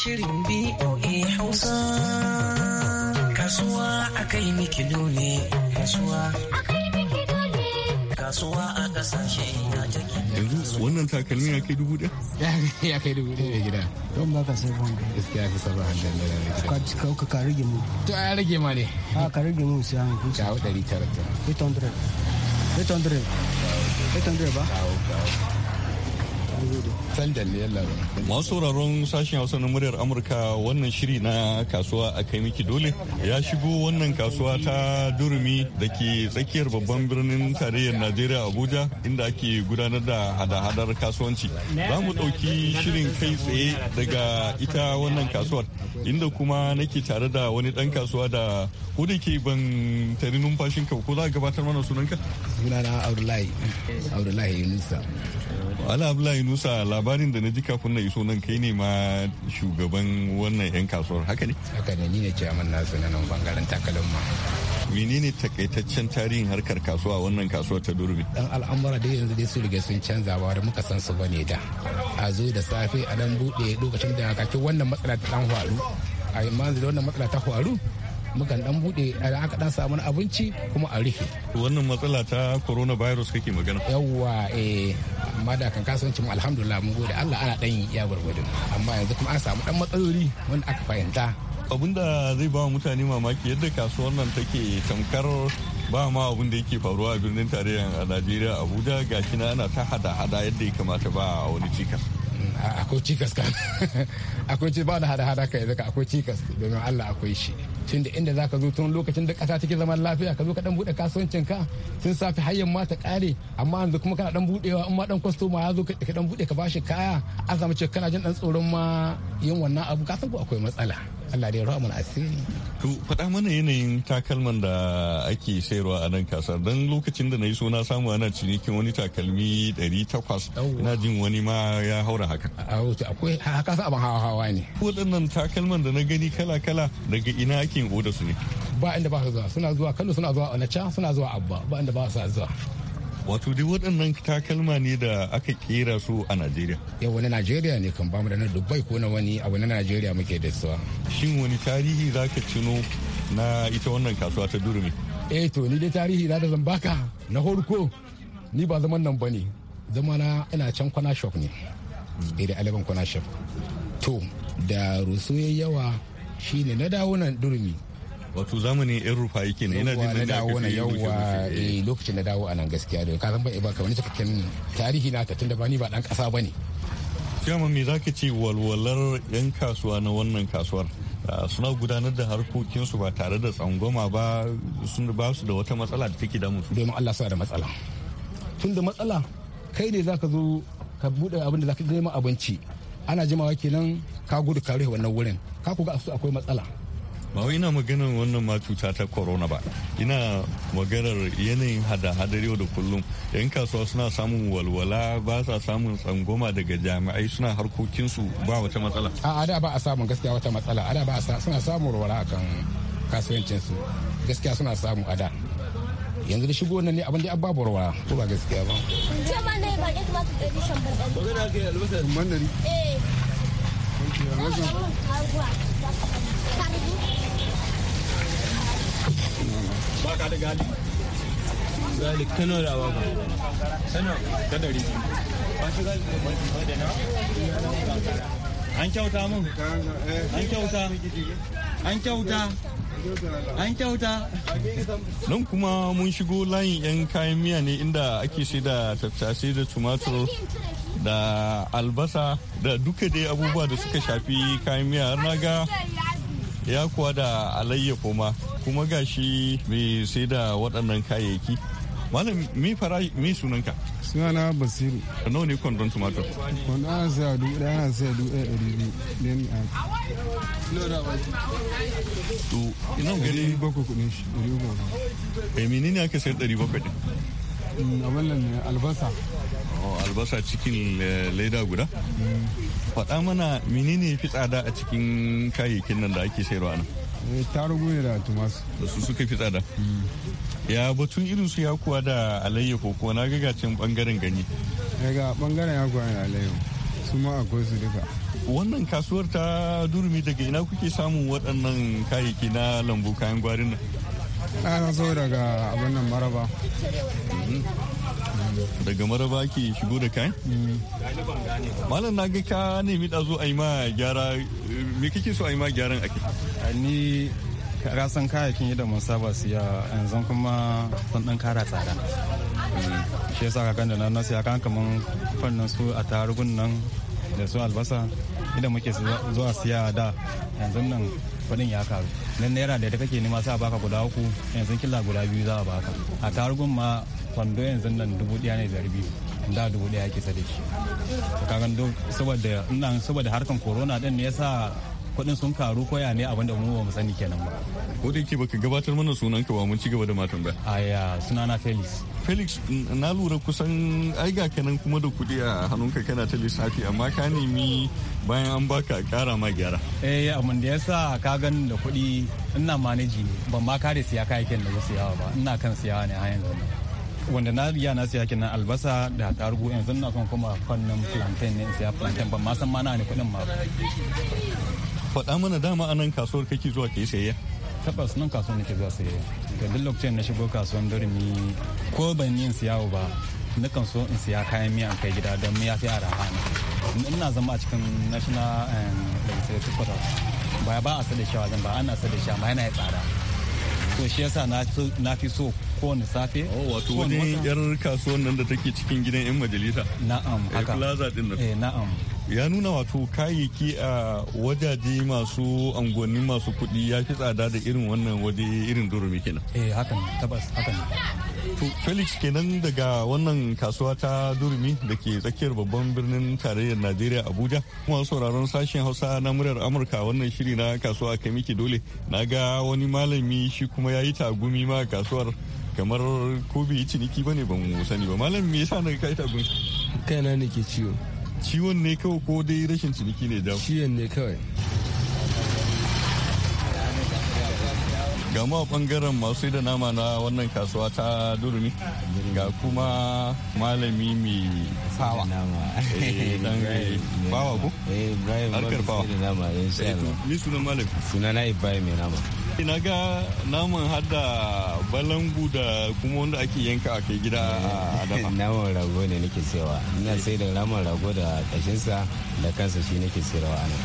shirin BOA Hausa. Kasuwa a kai miki ne, kasuwa. wannan takalmi kai dubu ɗaya? Ya kai dubu ɗaya gida. Don ba ka sai ban. Gaskiya ka saba hannun da rage. Ka ka rage mu. To rage ma ne. Ah, ka rage mu sai an ɗari tara 800. 800. ba? Masu sauraron sashen Hausa na muryar Amurka wannan shiri na kasuwa a kai miki dole ya shigo wannan kasuwa ta durumi da ke tsakiyar babban birnin tarayyar Najeriya Abuja inda ake gudanar da hada-hadar kasuwanci. Za mu ɗauki shirin kai tsaye daga ita wannan kasuwar inda kuma nake tare da wani ɗan kasuwa da hudu ke ban tari numfashin ka ko za gabatar mana sunanka? Sunana Abdullahi. Abdullahi Yunusa. musa labarin da na ji kafin na iso nan kai ne ma shugaban wannan 'yan kasuwar haka ne haka ne ni ne ke aman nasu na nan bangaren takalin ma menene takaitaccen tarihin harkar kasuwa wannan kasuwar ta durbi dan al'amura da yanzu dai su riga sun canza ba da muka san su ne da a zo da safe a dan bude lokacin da kake wannan matsala ta dan faru a yanzu da wannan matsala ta faru mukan dan bude eh, aka dan samu abinci kuma a rufe wannan matsala ta coronavirus kake magana yawwa eh amma da kan kasance mu alhamdulillah mun gode Allah ana dan ya gwargwado amma yanzu kuma an samu dan matsaloli wanda aka fahimta abin da zai ba mutane mamaki yadda kasuwar nan take tamkar ba ma abin da yake faruwa a birnin tarayyar a najeriya abuja gashi na ana ta hada-hada yadda ya kamata ba wani cikas akwai cikas ka akwai cikas ba da hada-hada ka yanzu ka akwai cikas domin Allah akwai shi tun da inda zaka zo tun lokacin da kasa take zaman lafiya ka zo ka dan bude kasuwancin ka tun safi har ma ta kare amma yanzu kuma kana dan budewa in ma dan kwastoma ya zo ka dan bude ka bashi kaya an samu ce kana jin dan tsoron ma yin wannan abu ka san ko akwai matsala Allah dai rawa asiri to faɗa mana yanayin takalman da ake sayarwa a nan kasar don lokacin da na yi suna samu ana cinikin wani takalmi 800 ina jin wani ma ya haura haka A wuce akwai haka sa abin hawa hawa ne waɗannan takalman da na gani kala kala daga ina ake oda su ne ba inda ba su zuwa suna zuwa kano suna zuwa onacha suna zuwa abba ba inda ba su zuwa wato dai waɗannan takalma ne da aka kera su a najeriya yau wani najeriya ne kan bamu da na dubai ko na wani a wani najeriya muke da suwa shin wani tarihi za ka cino na ita wannan kasuwa ta durumi eh to ni dai tarihi na da zan baka na horko ni ba zaman nan ba ne na ina can kwana shop ne da alaban kwana shop to da rusu yawa shine na dawo nan durumi wato zamani yan rufa yake ne yana jin da dawo na yawa eh, eh. a lokacin da dawo anan gaskiya da kasan ba ba kamar cikakken tarihi na ta tunda ba ni ba dan kasa ba ne. kiyama me zaka ce walwalar yan kasuwa na wannan kasuwar ah, suna gudanar da harkokinsu ba tare da tsangwama ba sun ba su da wata matsala da take damu domin Allah sa da matsala tun da matsala kai ne zaka zo ka bude abin da zaka nema abinci ana jimawa kenan ka gudu ka rufe wannan wurin ka kuga su akwai matsala ba wai ina maganar wannan ma cuta ta corona ba ina maganar yanayin hada-hadar yau da kullum yan kasuwa suna samun walwala ba sa samun tsangoma daga jami'ai suna harkokinsu ba wata matsala a ada ba a samun gaskiya wata matsala ada ba a suna samun walwala akan kasuwancinsu gaskiya suna samu ada yanzu da shigo nan ne abin da ya babu ruwa ko ba gaskiya ba. An kyauta An kyauta. An kyauta. An Nan kuma mun shigo layin 'yan kayan miya ne inda ake sai da tattasai da tumatur da albasa da duka dai abubuwa da suka shafi kayan miya har na ga ya kuwa da alayyafo ma kuma gashi mai sai da waɗannan kayayyaki malam mi fara mi sunanka sunana basiru nawa ne kwandon tumatur kwandon ana saya dubu ɗaya ana saya dubu ɗaya ɗari biyu ɗin a to ina gani bakwai kuɗin shi ɗari uku ne eh, menene aka sayar ɗari bakwai ɗin mm, abin nan ne albasa albasa cikin eh, leda guda faɗa mana menene fi tsada a cikin kayayyakin nan da ake sayarwa nan eh, tarugu ne da tumas da su suka fi tsada hmm. ya batun irin su ya kuwa da alayyahu ko na gaga gacin bangaren gani ga bangaren ya kuwa da alayyahu su ma akwai su duka wannan kasuwar ta durumi daga ina kuke samun waɗannan kayayyaki na lambu kayan gwarin nan na so daga abin nan maraba mhm. daga maraba ke shigo da kai malam na ga ka nemi da zo a yi ma gyara me kake so a yi ma gyaran ake ni rasan kayakin yadda mun saba siya yanzu kuma sun dan kara tsada shi yasa kakan da na siya kan kaman fannin su a tarugun nan da su albasa idan muke zuwa siya da yanzu nan kudin ya karu nan naira da kake nema sa baka guda uku yanzu kila guda biyu za a baka a tarugun ma kwando yanzu nan dubu ɗaya ne da biyu da dubu ɗaya ake sa da shi kagan saboda ina saboda harkan corona din ne yasa kuɗin sun karu koya ne abin da mu ba mu sani kenan ba ko da yake baka gabatar mana sunan ka ba mun ci gaba da matan ba aya ah, sunana felix felix na lura kusan ai ga kanan kuma da kuɗi a hannunka kana ta lissafi amma ka nemi bayan an baka kara ma gyara eh abin da yasa ka gan da kuɗi ina maneji ne ban ma kare siya kayayyakin da ba siyawa ba ina kan siyawa ne a yanzu wanda na riga na siya kenan albasa da tarugu yanzu na son kuma fannin plantain ne siya plantain ban ma san ma na ne kuɗin ma faɗa mana dama a nan kasuwar kake zuwa ke sayayya tabbas nan kasuwar nake zuwa sayayya da duk lokacin na shigo kasuwar durmi ko ban yin siyawo ba kan so in siya kayan miya kai gida don miya fi ne ina zama a cikin national eh, legislative quarter ba ba a sada shawa zan ba ana sada shawa ma yana ya tsada to shi yasa na fi so kowane safe oh, wato wani yar kasuwan nan da take cikin gidan yan majalisa na'am eh, haka plaza din nan eh na'am ya nuna wato kayayyaki a wajaje masu angonni masu kuɗi ya fi tsada da irin wannan waje irin durumi kenan eh hakan tabbas hakan To Felix kenan daga wannan kasuwa ta Durumi da ke tsakiyar babban birnin tarayyar Najeriya Abuja. Kuma sauraron sashen Hausa na muryar Amurka wannan shiri na kasuwa kai miki dole. Na ga wani malami shi kuma ya yi tagumi ma kasuwar kamar ko bai yi ciniki ba ban sani ba. Malam me yasa na kai tagumi? na ne ke ciwo. Ciwon ne kawai ko dai rashin ciniki ne da? Ciwon ne kawai. gama bangaren masu da nama na wannan kasuwa ta durumi ga kuma malami mai fawa eh, fawa ko? Eh, harkar fawa eh, ni sunan malami na ibrahim mai nama na ga naman har da balangu da kuma wanda ake yanka a kai gida a dafa. naman rago ne nake sayawa ina sai da naman rago da kashinsa da kansa shi nake sayarwa a nan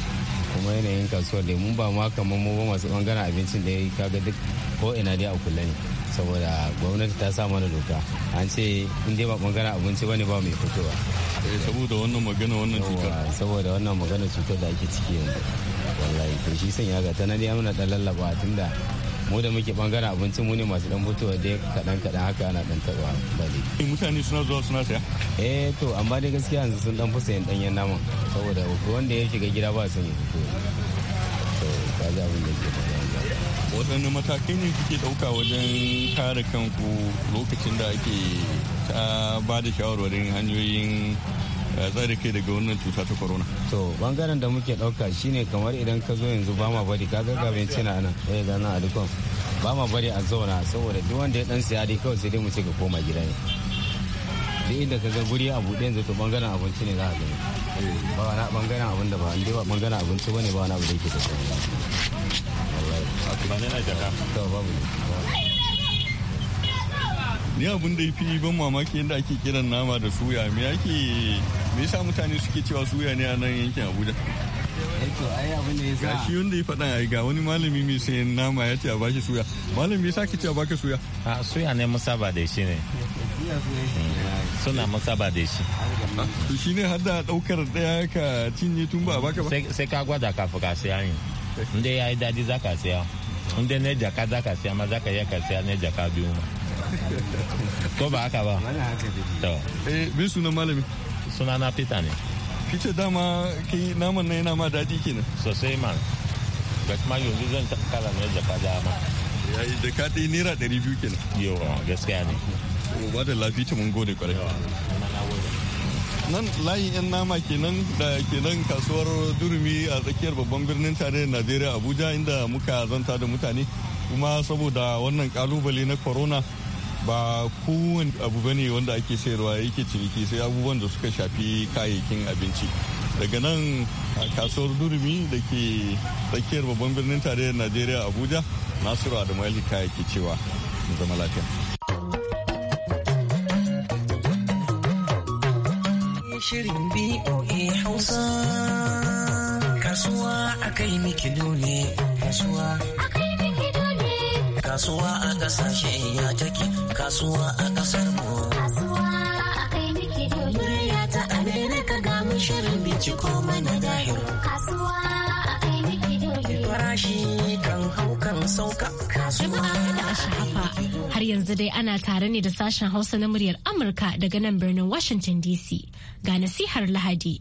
kuma yanayin kasuwar da mun ba ma kamar mu masu bangaren abincin da kaga duk ko ina dai a kulle ne saboda gwamnati ta sa mana doka an ce in dai ba bangaren abinci bane ba mai fitowa eh, saboda wannan magana wannan cutar saboda wannan magana cutar da ake ciki yanzu wallahi to shi sanya ga ta na dai amina dan lallaba tunda mu da muke bangaren abinci mu ne masu dan fitowa dai kaɗan kaɗan haka ana dan taɓa ba dai. Eh, mutane suna zuwa suna saya. eh to amma dai gaskiya yanzu sun dan fusa sayan ɗanyen naman saboda wanda ya shiga gida ba su ne. to ka ga abin da ke faruwa. matakai ne kuke ɗauka wajen kare kanku lokacin da ake ta ba da shawarwarin hanyoyin zai ke daga wannan cuta ta corona. to bangaren da muke ɗauka shine kamar idan ka zo yanzu ba ma bari ka ga gabenci na nan eh ga nan a dukkan ba ma bari a zauna saboda duk wanda ya dan siya dai kawai sai dai mu ce ka koma gida ne duk inda ka ga guri a buɗe yanzu to bangaren abinci ne za a gani ba wani bangaren abin da ba inda ba bangaren abinci bane ba wani abu da yake da kai ne na jaka ni abin da ya fi ban mamaki yadda ake kiran nama da suya me ake me yasa mutane suke cewa suya ne a nan yankin abuja eh gashi wanda ya faɗa a ga wani malami mai sayan nama ya ce a bashi suya malami yasa ke ce a baka suya a suya ne ba da shi ne eh, suna ba da shi ah, shi ne har da ɗaukar ɗaya ka cinye tun ba a baka ba sai ka gwada kafin ka siya ne inda ya yi daɗi za ka siya inda ne jaka za ka siya ma za ka iya ka siya ne jaka biyu ma ko ba haka ba to eh bin sunan malami sunana peter ne kice dama kai naman na yana ma daɗi kenan sosai man ga kuma yanzu zan kala ne jaka dama ya yi jaka ɗaya naira ɗari biyu kenan yawa gaskiya ne ba da lafiya mun gode kwarai nan layin 'yan nama kenan da kenan kasuwar durumi a tsakiyar babban birnin tarayyar najeriya abuja inda muka zanta da mutane kuma saboda wannan kalubale na corona ba kowane abu bane wanda ake sayarwa yake ciniki sai abubuwan da suka shafi kayayyakin abinci daga nan a kasuwar durumi da ke tsakiyar babban birnin tarayyar najeriya abuja nasiru adamali ke cewa zama lafiya shirin Hausa kasuwa a kai ne kasuwa kasuwa a kasashe ya take kasuwa a kasar mu kasuwa a kai nake ya ta ka ga mu shirin binciko mana dahir kasuwa a kai nake farashi kan hau kan sauka kasuwa a shafa har yanzu dai ana tare ne da sashen hausa na muryar amurka daga nan birnin washington dc ga nasihar lahadi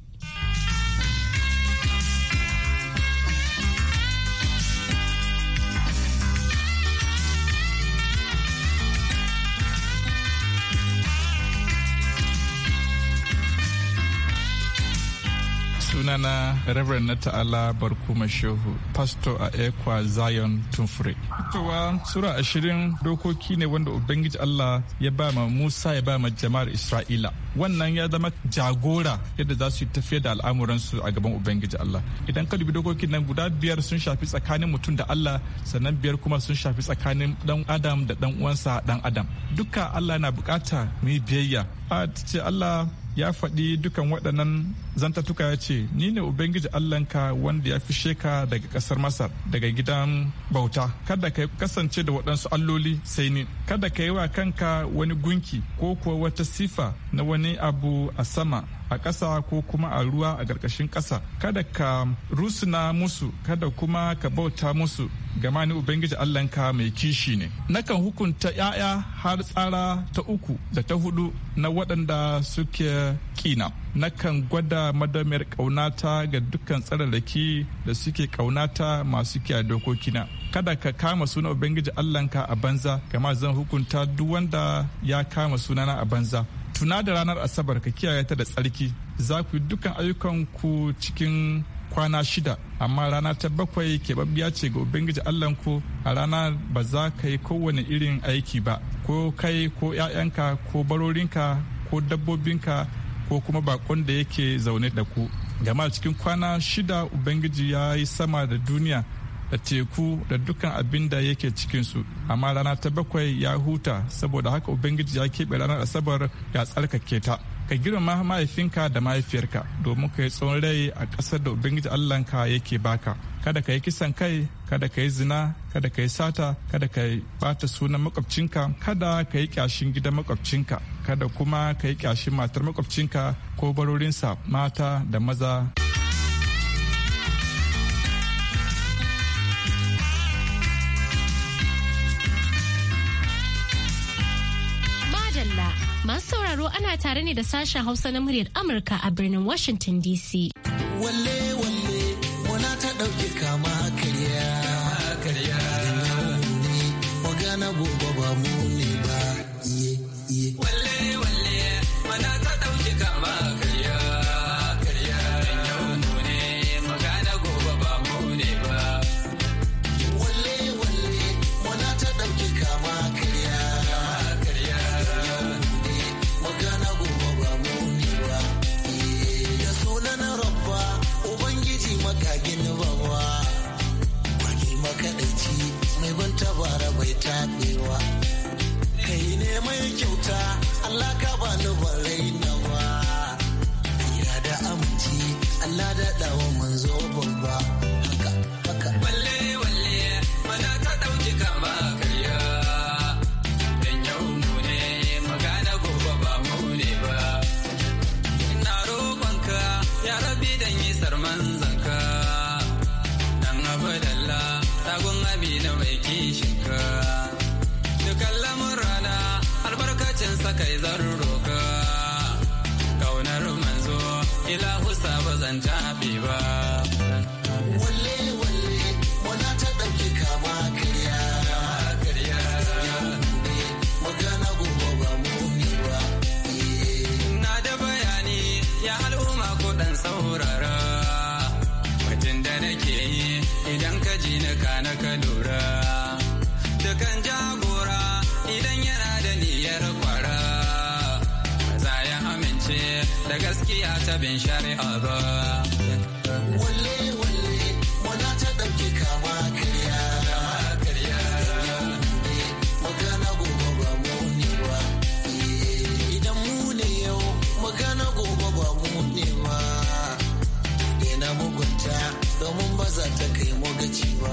sunana Reverend na ta'ala barkuma shehu pastor a ekwa zion Tunfure. Fitowa sura ashirin dokoki ne wanda ubangiji allah ya ba ma musa ya ba ma jama'ar isra'ila wannan ya zama jagora yadda za su yi tafiya da al'amuransu a gaban ubangiji allah idan ka dubi dokokin nan guda biyar sun shafi tsakanin mutum da allah sannan biyar kuma sun shafi tsakanin dan adam da dan uwansa dan adam duka allah na bukata mu yi biyayya a ce Allah ya faɗi dukan waɗannan zantattuka ya ce ni ne ubangiji allahnka wanda ya fishe ka daga ƙasar masar daga gidan bauta kada ka kasance da waɗansu alloli sai ni kada ka yi wa kanka wani gunki ko kuwa wata sifa na wani abu a sama a ƙasa ko kuma a ruwa a ƙarƙashin ƙasa kada ka rusuna musu kada kuma ka bauta musu gama ni ubangiji allahnka mai kishi ne nakan hukunta 'ya'ya har tsara ta uku da ta hudu na waɗanda suke kina nakan gwada madamiyar ƙaunata ga dukkan tsararraki da suke ƙaunata masu kiyar dokokina kada ka kama suna ubangiji allahnka a banza gama zan hukunta duk wanda ya kama sunana a banza tuna da ranar asabar ka kiyaye ta da tsarki za ku yi dukkan ku cikin kwana shida amma rana ta bakwai keɓaɓɓiya ce ga ubangiji allahnku a rana ba za ka yi kowane irin aiki ba ko kai ko 'ya'yanka ko barorinka ko dabbobinka ko kuma bakon da yake zaune da ku gama cikin kwana shida ubangiji ya yi sama da duniya da teku da dukkan abin da yake cikinsu amma rana ta bakwai ya huta saboda haka ubangiji ya keɓe ranar asabar ya tsarkake ta ka girma mahaifinka da mahaifiyarka domin ka yi tsawon rai a ƙasar da ubangiji allahnka yake baka kada ka yi kisan kai kada ka yi zina kada ka yi sata kada ka yi bata sunan makwabcinka kada ka yi kyashin gidan makwabcinka kada kuma ka yi kyashin matar makwabcinka ko barorinsa mata da maza. Masu sauraro ana tare ne da sashen Hausa na muryar Amurka a birnin Washington DC. Wale isa zan manzo ila husa ba zan tafi ba ba muni da bayani ya al'umma kuɗin saurara mutum da nake yi idan ka ji ka na ka lura dukan jagora idan yana saniyar kwara ba za ya amince da gaskiya ta bin shari'a ba walle walle wana ta ɗauke kama kariya magana gobe ba mu ne ba idan mu ne yau magana gobe ba mu ne ina mugunta domin ba za ta kai mu gaci ba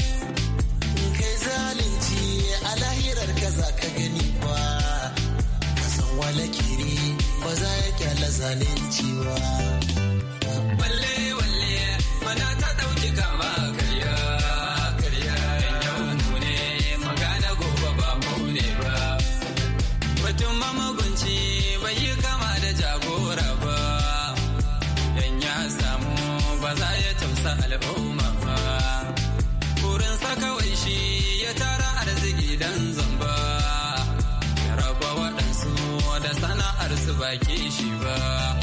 zalunci a lahirar ka za ka gani ba ka san wala kiri ba za ya kyala zalunci ba walle walle mana ta dauki kama take shi ba.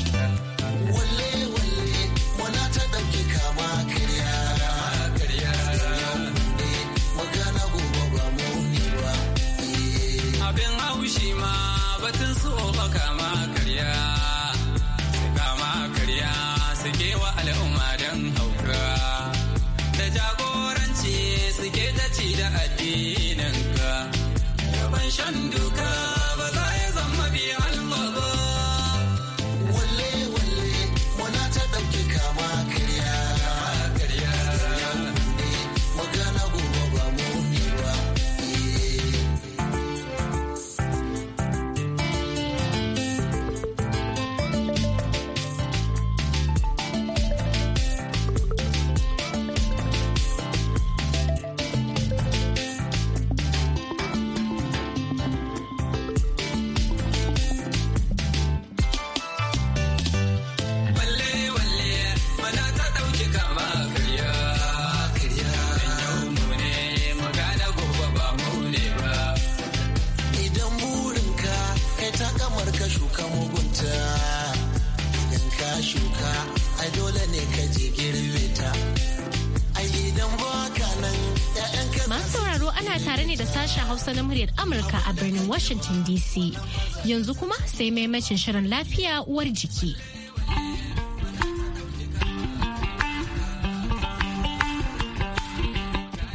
Amurka a birnin Washington DC. Yanzu kuma sai maimacin shirin lafiya uwar jiki.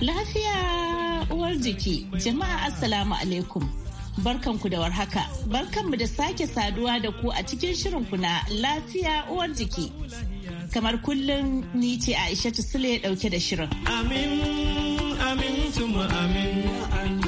Lafiya uwar jiki, jama'a Assalamu alaikum. Barkanku da warhaka, barkanmu da sake saduwa da ku a cikin shirinku kuna lafiya uwar jiki. Kamar kullum ni ce Aisha Sule dauke da shirin. Amin, amin, tuma amin.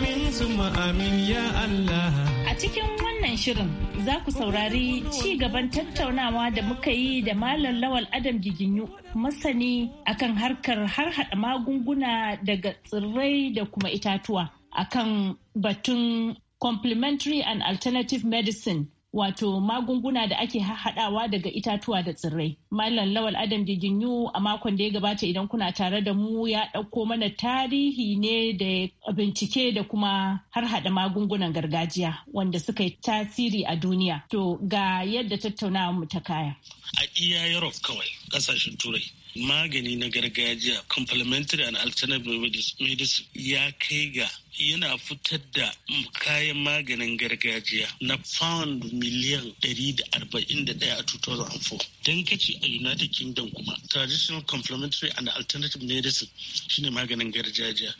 amin amin ya Allah. A cikin wannan shirin za ku saurari ci gaban tattaunawa da muka yi da Malam Lawal Adam Giginyu masani akan harkar har harhaɗa magunguna daga tsirrai da kuma itatuwa akan batun complementary and alternative medicine wato magunguna da ake haɗawa daga itatuwa da tsirrai. Malam Lawal Adam Giginyu a makon da ya gabata idan kuna tare da mu ya ɗauko mana tarihi ne da bincike da kuma har haɗa magungunan gargajiya wanda suka yi tasiri a duniya. To ga yadda tattaunawa mu ta kaya. A iya Europe kawai ƙasashen Turai. Magani na gargajiya complementary and alternative medicine ya kai ga yana fitar da kayan maganin gargajiya na pound miliyan 141 a 2004 don kaci a united kingdom kuma traditional complementary and alternative medicine shine maganin gargajiya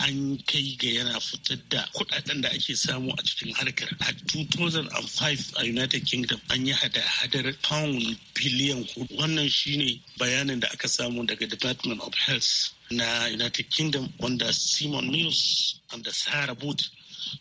an kai ga yana fitar da kudaden da ake samu a cikin harkar a 2005 a united kingdom an yi hada-hadar pound biliyan hudu wannan shine bayanin da aka samu daga department of health na united kingdom wanda simon mills da sarah boot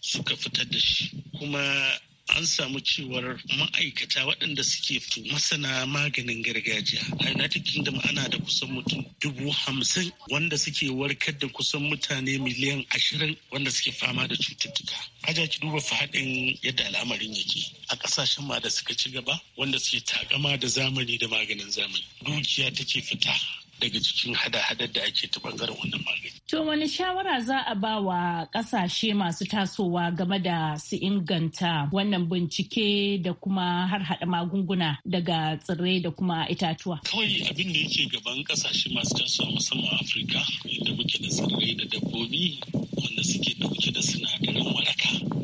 suka fitar da shi kuma an samu cewar ma'aikata waɗanda suke fito masana maganin gargajiya a united kingdom ana da kusan mutum dubu hamsin wanda suke warkar da kusan mutane miliyan ashirin wanda suke fama da cututtuka aja ki duba faɗin yadda al'amarin yake a ƙasashen ma da suka ci gaba wanda suke takama da zamani da maganin zamani dukiya take fita daga cikin hada-hadar da ake ta bangaren wannan magani. To wani shawara za a ba wa kasashe masu tasowa game da su inganta wannan bincike da kuma har hada magunguna daga tsirrai da kuma itatuwa. Kawai abin da yake gaban kasashe masu tasowa musamman Afirka inda muke da tsirrai da dabbobi wanda suke dauke da sinadaran waraka.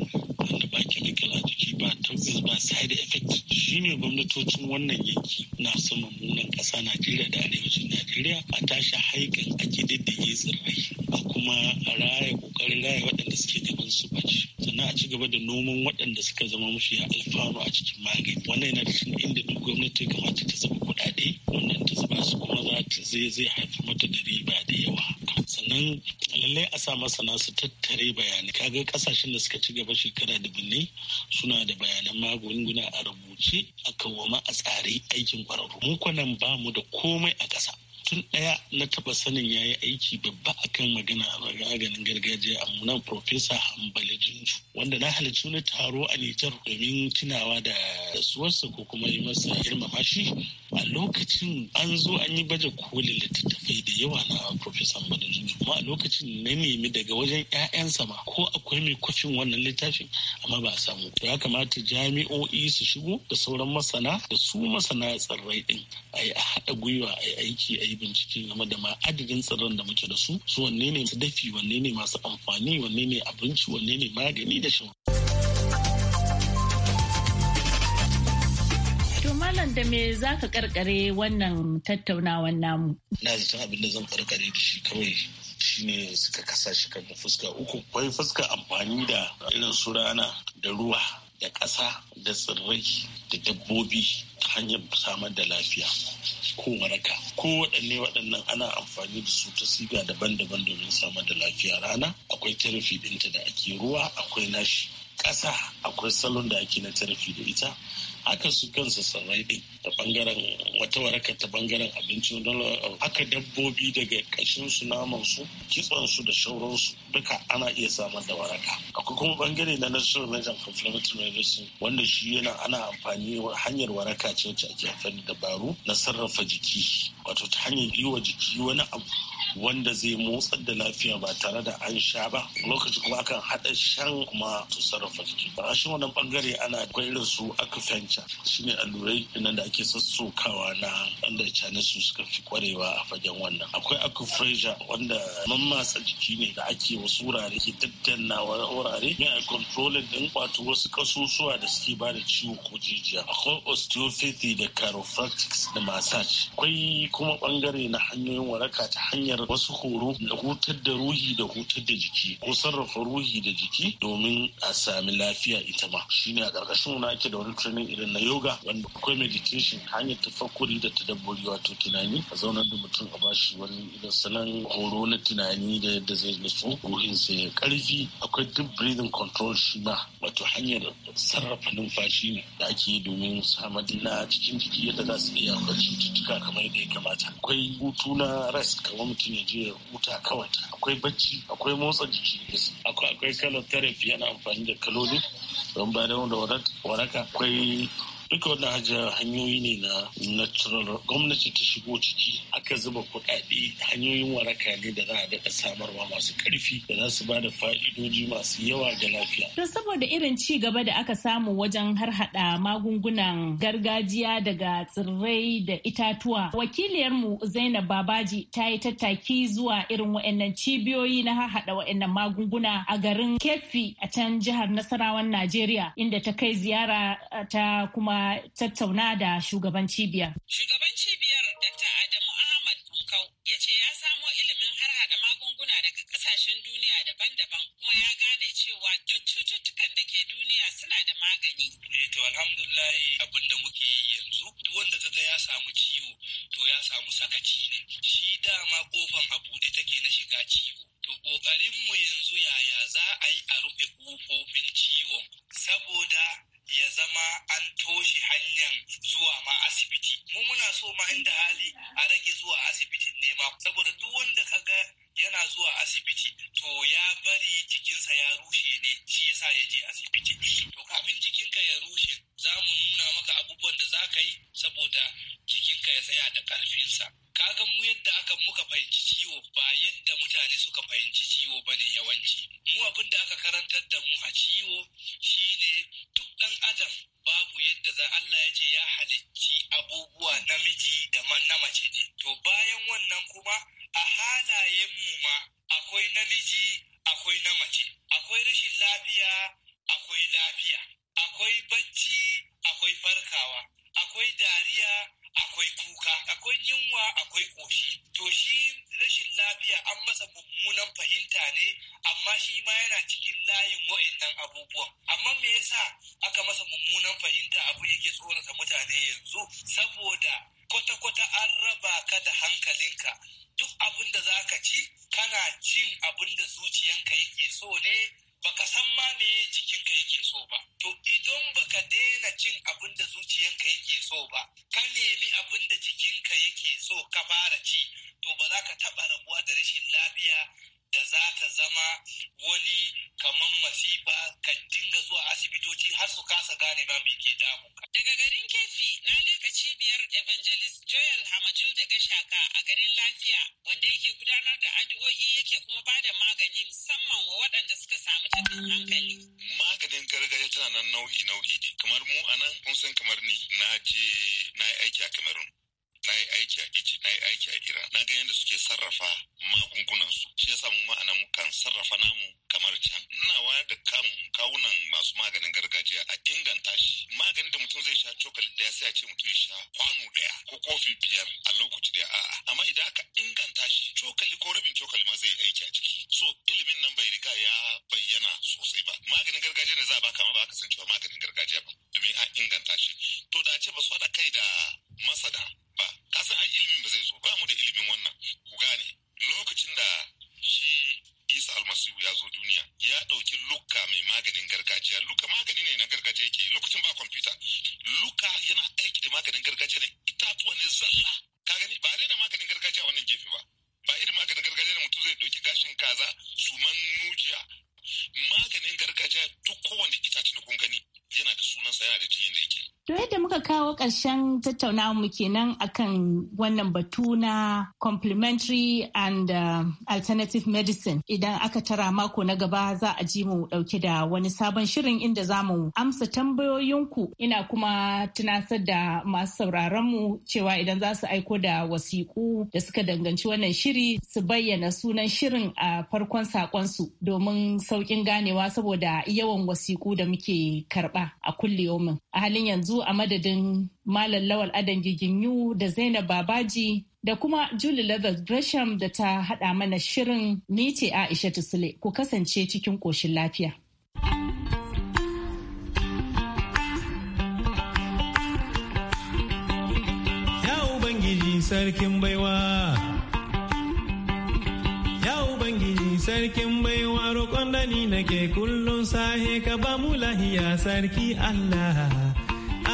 abin da ba chemical a jiki ba toxins ba side effect shine gwamnatocin wannan yanki na su mummunan ƙasa Najeriya da arewacin Najeriya a tashi haikan a kididdige tsirrai a kuma raya ƙoƙarin raya waɗanda suke neman su baci sannan a ci gaba da noman waɗanda suka zama mushi ya alfano a cikin magani wannan yana da cikin inda duk gwamnati kamata ta zuba kuɗaɗe wannan ta zuba su kuma za ta zai zai haifi mata da riba da yawa sannan lallai a sa masana su tattare bayanai kaga kasashen da suka ci gaba shekara dubulle suna da bayanan magunguna a rubuce a kawama a tsare aikin kwararru mu kwanan ba mu da komai a ƙasa tun ɗaya na taɓa sanin ya yi aiki babba akan magana a maganin gargajiya a munan Profesa Hambali Junju wanda na halarci wani taro a Nijar domin tunawa da suwarsa ko kuma yi masa girmama shi a lokacin an zo an yi baje kolin littattafai da yawa na Profesa Hambali Junju kuma a lokacin na nemi daga wajen 'ya'yansa ma ko akwai mai kwafin wannan littafin amma ba a samu ya kamata jami'o'i su shigo da sauran masana da su masana tsirrai din a yi a haɗa gwiwa a yi aiki a yi bincike game da ma adadin tsirran da muke da su su wanne ne su dafi wanne ne masu amfani wanne ne abinci wanne ne magani da shi Malam da me za ka karkare wannan tattaunawan namu? Na zata abin da zan karkare da shi kawai shine suka kasa shi kan fuska uku. Kwai fuska amfani da irin su rana da ruwa da ƙasa da tsirrai da dabbobi ta hanyar samar da lafiya. ko waraka ko waɗanne waɗannan ana amfani da su ta siga daban-daban domin samar da lafiya rana akwai tarifi ɗinta da ake ruwa akwai nashi ƙasa akwai salon da ake na tarafi da ita haka su kansu sarai din ta bangaren wata waraka ta bangaren abinci don uh, haka dabbobi daga kashin su naman su kitson su da shauransu duka ana iya samar da waraka akwai kuma bangare na national medicine complementary medicine wanda shi yana ana amfani hanyar waraka ce wacce ake amfani dabaru na sarrafa jiki wato ta hanyar yi wa jiki wani abu wanda zai motsar da lafiya ba tare da an sha ba lokacin kuma akan haɗa shan kuma su sarrafa jiki ba a shin wannan bangare ana akwai irin su aka shi shine allurai nan da ake sassokawa na wanda cani su suka fi kwarewa a fagen wannan akwai fraser wanda matsa jiki ne da ake wasu wurare ke daddanna wurare ne a controlling din wato wasu kasusuwa da suke ba da ciwo ko jijiya akwai osteopathy da chiropractics da massage akwai kuma bangare na hanyoyin waraka ta hanyar hanyar wasu horo da hutar da ruhi da hutar da jiki ko sarrafa ruhi da jiki domin a sami lafiya ita ma shine a ƙarƙashin wani ake da wani training irin na yoga wanda akwai meditation hanyar tafakkuri da ta tadabburi wato tunani a zaunar da mutum a bashi wani irin salon horo na tunani da yadda zai nutsu sa ya karfi akwai duk breathing control shi ma wato hanyar sarrafa numfashi ne da ake yi domin samar na cikin jiki yadda za su iya cututtuka kamar yadda ya kamata akwai hutu na rest kamar mutum mutum ya je huta kawai akwai bacci akwai motsa jiki akwai kalar therapy yana amfani da kaloli don ba da waraka akwai duka wannan hajjar hanyoyi ne na natural gwamnati ta shigo ciki aka zuba kuɗaɗe hanyoyin waraka ne da za a daɗa samarwa masu ƙarfi da za su ba da fa'idoji masu yawa ga lafiya. To saboda irin ci gaba da aka samu wajen harhaɗa magungunan gargajiya daga tsirrai da itatuwa Wakiliyar mu Zainab Babaji ta yi tattaki zuwa irin wa'annan cibiyoyi na harhaɗa wa'annan magunguna a garin Kefi a can jihar Nasarawan Najeriya inda ta kai ziyara ta kuma tattauna da shugaban cibiyar. Shugaban cibiyar Dr. Adamu Ahmad Tunkau ya ce ya samo ilimin har hada magunguna daga kasashen duniya daban-daban kuma ya gane cewa duk cututtukan da ke duniya suna da magani. Eh to alhamdulillahi abin da muke yanzu duk wanda ta ga ya samu ciwo to ya samu sakaci ne. Shi dama kofan a buɗe take na shiga ciwo. To ƙoƙarinmu yanzu yaya za a yi a rufe ƙofofin ciwon saboda ya zama an toshe hanyar amma me yasa aka masa mummunan fahimta abu yake tsorata mutane yanzu saboda kwata-kwata an raba ka da hankalinka duk abin da za ka ci kana cin abin da zuciyanka yake so ne baka san ma me jikinka yake so ba to idan baka daina cin abin da zuciyanka yake so ba ka nemi abin da jikinka yake so ka fara ci to ba za ka taɓa rabuwa da rashin lafiya da za ta zama wani kamar masifa ka dinga zuwa asibitoci har su kasa gane ma me ke ka. Daga garin Kefi na leka cibiyar Evangelist Joel Hamajul da Gashaka a garin Lafiya wanda yake gudanar da addu'o'i yake kuma ba da magani musamman wa waɗanda suka samu tafin hankali. Maganin gargajiya tana nan nau'i nau'i ne kamar mu a nan kun san kamar ni na je na yi aiki a Cameroon na yi aiki a Egypt na yi aiki a Iran na ga yadda suke sarrafa magungunan su shi yasa mu ma'ana mukan sarrafa namu kamar can ina wayar da kan kawunan masu maganin gargajiya a inganta shi maganin da mutum zai sha cokali daya sai a ce mutum ya sha kwano daya ko kofi biyar a lokaci daya a'a amma idan aka inganta shi cokali ko rabin cokali ma zai aiki a ciki so ilimin nan bai riga ya bayyana sosai ba maganin gargajiya ne za a baka amma ba ka san cewa maganin gargajiya ba domin an inganta shi to da ce ba su haɗa kai da masada ba kasan ai ilimin ba zai zo ba mu da ilimin wannan ku gane lokacin da shi isa almasihu ya zo duniya ya ɗauki luka mai maganin gargajiya luka magani ne na gargajiya yake lokacin ba kwamfuta luka yana aiki da maganin gargajiya ne itatuwa ne zalla ka gani ba rena maganin gargajiya wannan gefe ba ba irin maganin gargajiya da mutum zai ɗauki gashin kaza man nujiya maganin gargajiya duk kowanne itacen da kun gani yana da sunansa yana da jiyan da yake To yadda muka kawo ƙarshen tattaunawa mu kenan akan wannan batu na complementary and uh, alternative medicine idan aka tara mako na gaba za a ji mu ɗauke da wani sabon shirin inda za mu amsa tambayoyinku ina kuma tunasar da masu sauraron mu cewa idan za su aiko da wasiƙu da suka danganci wannan shiri su bayyana sunan shirin a farkon saƙon su domin sauƙin ganewa saboda yawan wasiƙu da muke karɓa a min. a halin yanzu a madadin Malam Lawal Adan Giginyu da Zainab Babaji da kuma Julie Leathers Gresham da ta haɗa mana shirin ni ce Aisha Sule ku kasance cikin koshin lafiya. Ya Ubangiji sarkin baiwa Ya Ubangiji sarkin baiwa roƙon da nake kullum sahe ka ba mu lahiya sarki Allah.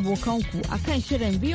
abokanku akan shirin biyo